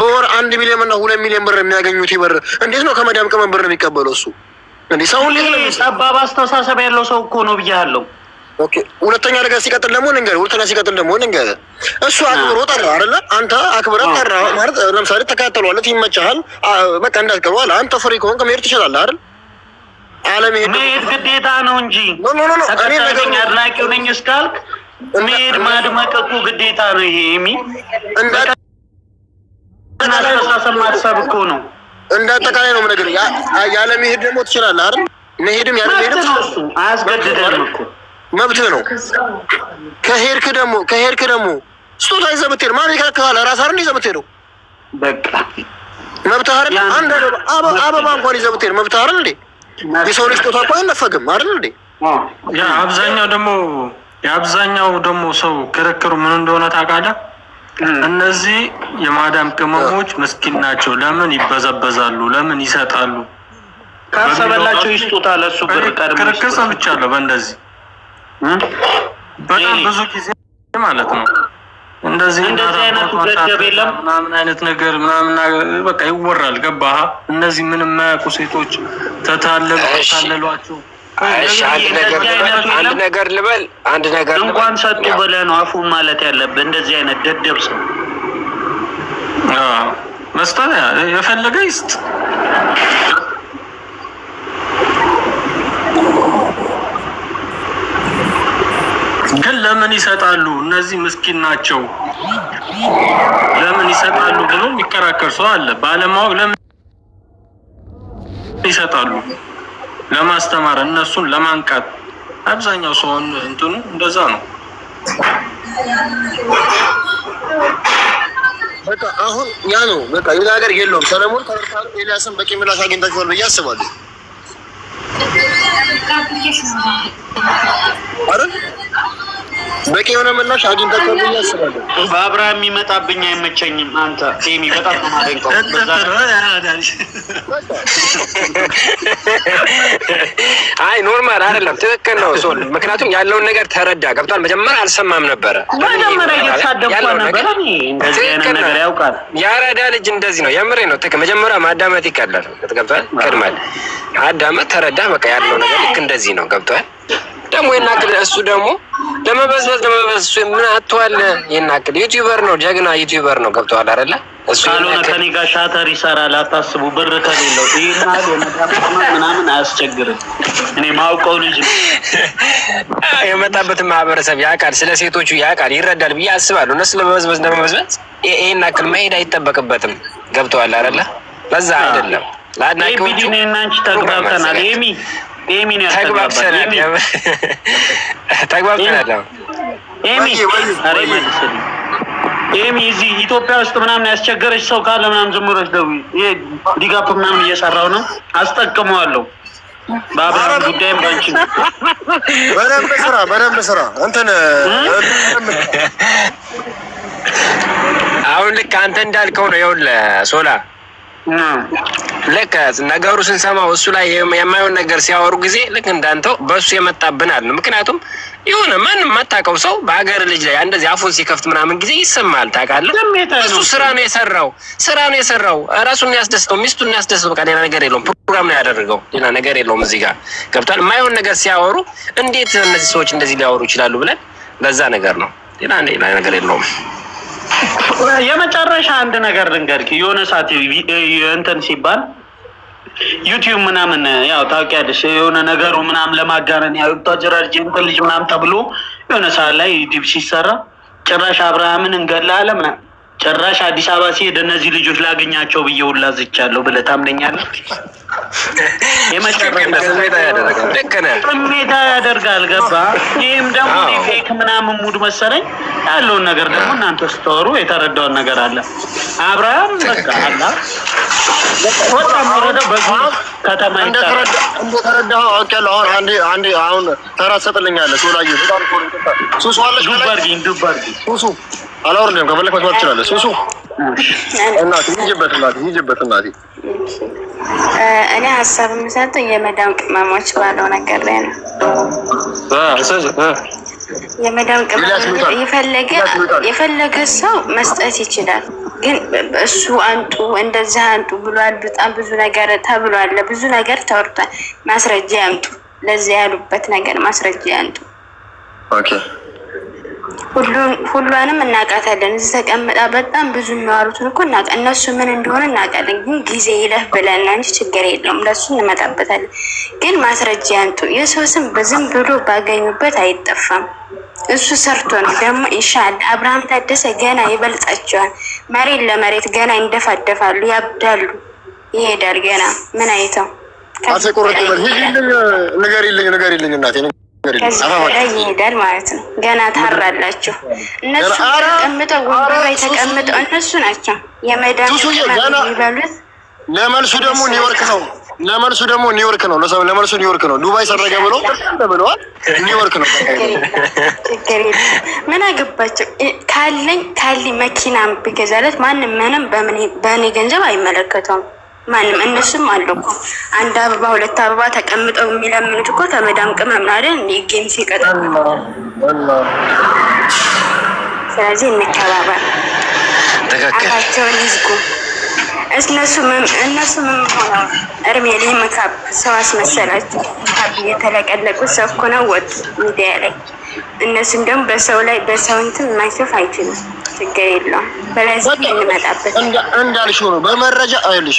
በወር አንድ ሚሊዮን እና ሁለት ሚሊዮን ብር የሚያገኙት ይበር እንዴት ነው ከመዳም ቅመም ብር የሚቀበለው እሱ? እንዴ ሰው ጠባብ አስተሳሰብ ያለው ሰው እኮ ነው ብያለሁ። ኦኬ ሁለተኛ ነገር ሲቀጥል ደግሞ ንገር፣ ሁለተኛ ሲቀጥል ደግሞ ንገር። እሱ አክብሮ ጠራ አይደለ? አንተ አክብረህ ጠራ ማለት ለምሳሌ ተካተሏለት ይመቻሃል፣ በቃ እንዳትቀሩ አለ። አንተ ፍሪ ከሆንክ መሄድ ትችላለህ አይደል? አለመሄድ መሄድ ግዴታ ነው እንጂ ተከታተለኝ አድናቂው ነኝ እስካልክ መሄድ ማድመቅ እኮ ግዴታ ነው ይሄ የሚል አስተሳሰብ ማሰብ እኮ ነው። እንደ አጠቃላይ ነው የምነግርህ። ያለ መሄድ ደግሞ ትችላለህ አይደል? መሄድም ያለ መሄድም አያስገድድም እኮ መብትህ ነው። ከሄድክ ደግሞ ከሄድክ ደግሞ ስጦታ ይዘህ ብትሄድ ማን ይከለክልሃል? ራስህ አይደል ይዘህ ብትሄደው በቃ መብትህ አይደል? አንድ አበባ እንኳን ይዘህ ብትሄድ መብትህ አይደል እንዴ? የሰው ልጅ ስጦታ እኮ አይነፈግም አይደል እንዴ? አብዛኛው ደግሞ የአብዛኛው ደግሞ ሰው ክርክሩ ምን እንደሆነ ታውቃለህ? እነዚህ የማዳም ቅመሞች ምስኪን ናቸው። ለምን ይበዘበዛሉ? ለምን ይሰጣሉ? ካሰበላቸው ይስጡታ። ለሱ ብር ቀድሞ ሰምቻለሁ። በእንደዚህ በጣም ብዙ ጊዜ ማለት ነው እንደዚህ ምናምን አይነት ነገር ምናምን በቃ ይወራል። ገባህ? እነዚህ ምንም የማያውቁ ሴቶች ተታለሉ፣ ተታለሏቸው አንድ ነገር ልበል፣ አንድ ነገር እንኳን ሰጡ ብለህ ነው አፉ ማለት ያለብህ። እንደዚህ አይነት ደደብ ሰው መስጠት የፈለገ ይስጥ። ግን ለምን ይሰጣሉ? እነዚህ ምስኪን ናቸው። ለምን ይሰጣሉ ብሎ የሚከራከር ሰው አለ። ባለማወቅ ለምን ይሰጣሉ? ለማስተማር እነሱን ለማንቃት አብዛኛው ሰውን እንትኑ እንደዛ ነው። በቃ አሁን ያ ነው በቃ ይሁን ነገር የለውም። ሰለሞን ተርታሉ ኤልያስን በቂ ምላሽ አግኝታችኋል ብዬ አስባለሁ። አረ በቂ የሆነ ምላሽ አግኝተሻል ብዬ አስባለሁ። በአብርሃም የሚመጣብኝ አይመቸኝም። አንተ ሚ በጣም አይ ኖርማል አይደለም። ትክክል ነው ሶል። ምክንያቱም ያለውን ነገር ተረዳ ገብቷል። መጀመሪያ አልሰማም ነበረ። ያረዳ ልጅ እንደዚህ ነው። የምሬ ነው። ትክክል መጀመሪያ ማዳመጥ ይቀላል። ገብቷል። ቅድመል አዳመጥ፣ ተረዳ። በቃ ያለው ነገር ልክ እንደዚህ ነው። ገብቷል ደግሞ ይናገር። እሱ ደግሞ ለመበዝበዝ ለመበዝበዝ እሱ ምን አትዋል ይናገር። ዩቲዩበር ነው፣ ጀግና ዩቲዩበር ነው። ገብተዋል አይደለ? እሱ ካልሆነ ከኔ ጋር ሻተር ይሰራል። አታስቡ፣ ብር ከሌለው ይናል ምናምን አያስቸግርም። እኔ ማውቀው ልጅ ነው። የመጣበትን ማህበረሰብ ያውቃል፣ ስለ ሴቶቹ ያውቃል፣ ይረዳል ብዬ አስባለሁ። እነሱ ለመበዝበዝ ለመበዝበዝ ይሄን ያክል መሄድ አይጠበቅበትም። ገብተዋል አይደለ? ለዛ አይደለም ለአድናቂዎቹ አንቺ ተግባብተናል ሚ ኤሚ እዚህ ኢትዮጵያ ውስጥ ምናምን ያስቸገረች ሰው ካለ ምናምን ይሄ ዲጋፕ ምናምን እየሰራው ነው፣ አስጠቅመዋለሁ። በአብርሃም ጉዳይም በደንብ ስራ፣ በደንብ ስራ። እንትን አሁን ልክ አንተ እንዳልከው ነው። ይኸውልህ ሶላ ልክ ነገሩ ስንሰማው እሱ ላይ የማይሆን ነገር ሲያወሩ ጊዜ ልክ እንዳንተው በእሱ የመጣብናል ምክንያቱም የሆነ ማንም ማታውቀው ሰው በሀገር ልጅ ላይ እንደዚህ አፉን ሲከፍት ምናምን ጊዜ ይሰማል። ታውቃለህ፣ እሱ ስራ ነው የሰራው፣ ስራ ነው የሰራው፣ ራሱን ያስደስተው፣ ሚስቱን ያስደስተው፣ በቃ ሌላ ነገር የለውም። ፕሮግራም ነው ያደረገው፣ ሌላ ነገር የለውም። እዚህ ጋር ገብቷል። የማይሆን ነገር ሲያወሩ እንዴት እነዚህ ሰዎች እንደዚህ ሊያወሩ ይችላሉ ብለን ለዛ ነገር ነው፣ ሌላ ነገር የለውም። መጨረሻ አንድ ነገር ልንገርክ። የሆነ ሰዓት እንትን ሲባል ዩቲዩብ ምናምን ያው ታውቂያለሽ፣ የሆነ ነገሩ ምናምን ለማጋነን ያው ጀራር ጀንትን ልጅ ምናምን ተብሎ የሆነ ሰዓት ላይ ዩቲዩብ ሲሰራ ጭራሽ አብርሃምን እንገላለን ምናምን ጭራሽ አዲስ አበባ ሲሄድ እነዚህ ልጆች ላገኛቸው ብዬ ሁላ ዝቻለሁ ብለህ ታምነኛለህ? ስሜታ ያደርጋል። ገባ። ይህም ደግሞ ፌክ ምናምን ሙድ መሰለኝ ያለውን ነገር ደግሞ እናንተ ስትወሩ የተረዳውን ነገር አለ። አብርሃም በቃ አላ ሱሱ አላወርድም። ከፈለክ መስማት ትችላለህ። ሱሱ እናት ሂጂበት፣ እናት ሂጂበት፣ እናት እኔ ሀሳብ የምሰጠው የመዳም ቅመሞች ባለው ነገር ላይ ነው። የመዳም ቅመሞች የፈለገ የፈለገ ሰው መስጠት ይችላል። ግን እሱ አንጡ እንደዚህ አንጡ ብሏል። በጣም ብዙ ነገር ተብሏል። ብዙ ነገር ተወርቷል። ማስረጃ ያምጡ። ለዚያ ያሉበት ነገር ማስረጃ ያምጡ። ኦኬ ሁሉንም እናውቃታለን። እዚህ ተቀምጣ በጣም ብዙ የሚዋሩትን እኮ እነሱ ምን እንደሆነ እናውቃለን። ግን ጊዜ ይለህ ብለን እንጂ ችግር የለውም ለሱ እንመጣበታለን። ግን ማስረጃ ያንጡ። የሰው ስም በዝም ብሎ ባገኙበት አይጠፋም። እሱ ሰርቶ ነው ደግሞ ይሻል። አብርሃም ታደሰ ገና ይበልጣቸዋል። መሬት ለመሬት ገና ይንደፋደፋሉ፣ ያብዳሉ፣ ይሄዳል። ገና ምን አይተው አሴ ቆረጥ ነገር ይልኝ ነገር ይልኝ እናቴ ላይ ይሄዳል ማለት ነው። ገና ታራላችሁ። እነሱ ተቀምጠው ወንበር ላይ ተቀምጠው እነሱ ናቸው የመዳን የሚበሉት። ለመልሱ ደግሞ ኒውዮርክ ነው። ለመልሱ ደግሞ ኒውዮርክ ነው። ለመልሱ ኒውዮርክ ነው። ዱባይ ሰረገ ብሎ ብለዋል። ኒውዮርክ ነው። ምን አገባቸው? ካለኝ ካሊ መኪናም ማንም ምንም በእኔ ገንዘብ አይመለከተውም። ማንም እነሱም አሉ እኮ አንድ አበባ ሁለት አበባ ተቀምጠው የሚለምኑት እኮ ከመዳም ቅመም አይደል? እንዲ ጌም ሲቀጠሉ። ስለዚህ እንከባበር፣ አፋቸውን ይዝጉ። እነሱ እነሱ ምን ሆነው እርሜ ላይ መካብ ሰው አስመሰላቸው። ካብ እየተለቀለቁ ሰው እኮ ነው ወጡ ሚዲያ ላይ። እነሱም ደግሞ በሰው ላይ በሰው እንትን ማይሰፍ አይችሉም። ችግር የለውም። በዚህ እንመጣበት እንዳልሽው ነው። በመረጃ አይልሽ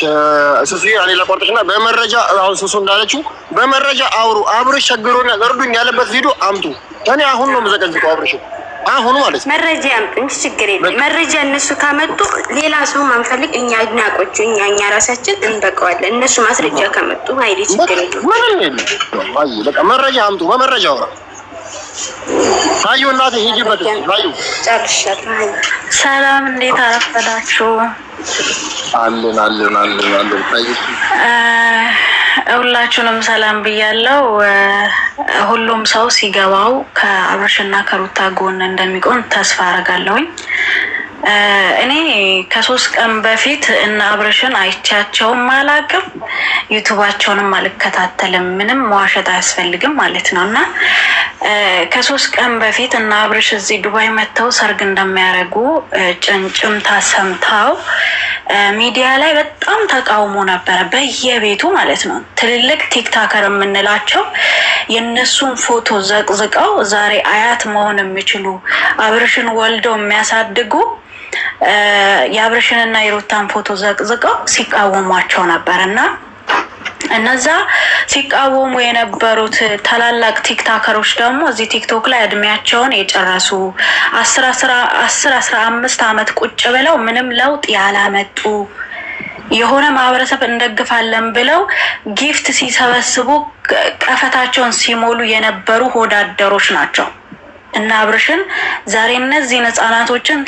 ስሱ ሌላ ቆርጦችና በመረጃ አሁን ስሱ እንዳለችው በመረጃ አውሩ። አብርሽ ቸግሮኛል እርዱኝ ያለበት ቪዲዮ አምጡ። እኔ አሁን ነው የምዘቀዝቀው አብርሽ አሁኑ ማለት ነው። መረጃ ያምጡኝ፣ ችግር የለም። መረጃ እነሱ ካመጡ ሌላ ሰው ማንፈልግ እኛ አድናቆቹ እኛ እኛ ራሳችን እንበቀዋለን። እነሱ ማስረጃ ካመጡ አይዲ ችግር የለም። መረጃ አምጡ፣ በመረጃ አውራ ታዩ እናቴ ሂጂበት። ታዩ ሰላም፣ እንዴት አረፈዳችሁ? አለን አለን አለን አለን። ታዩ ሁላችሁንም ሰላም ብያለው። ሁሉም ሰው ሲገባው ከአብርሽና ከሩታ ጎን እንደሚቆም ተስፋ አረጋለሁኝ። እኔ ከሶስት ቀን በፊት እነ አብርሽን አይቻቸውም አላቅም፣ ዩቱባቸውንም አልከታተልም። ምንም መዋሸት አያስፈልግም ማለት ነው። እና ከሶስት ቀን በፊት እነ አብርሽ እዚህ ዱባይ መጥተው ሰርግ እንደሚያደርጉ ጭንጭምታ ሰምተው ሚዲያ ላይ በጣም ተቃውሞ ነበረ፣ በየቤቱ ማለት ነው። ትልልቅ ቲክታከር የምንላቸው የእነሱን ፎቶ ዘቅዝቀው ዛሬ አያት መሆን የሚችሉ አብርሽን ወልደው የሚያሳድጉ የአብርሽንና የሩታን ፎቶ ዘቅዝቀው ሲቃወሟቸው ነበር እና እነዛ ሲቃወሙ የነበሩት ታላላቅ ቲክታከሮች ደግሞ እዚህ ቲክቶክ ላይ እድሜያቸውን የጨረሱ አስር አስራ አምስት ዓመት ቁጭ ብለው ምንም ለውጥ ያላመጡ የሆነ ማህበረሰብ እንደግፋለን ብለው ጊፍት ሲሰበስቡ ቀፈታቸውን ሲሞሉ የነበሩ ሆዳደሮች ናቸው እና አብርሽን ዛሬ እነዚህን ህጻናቶችን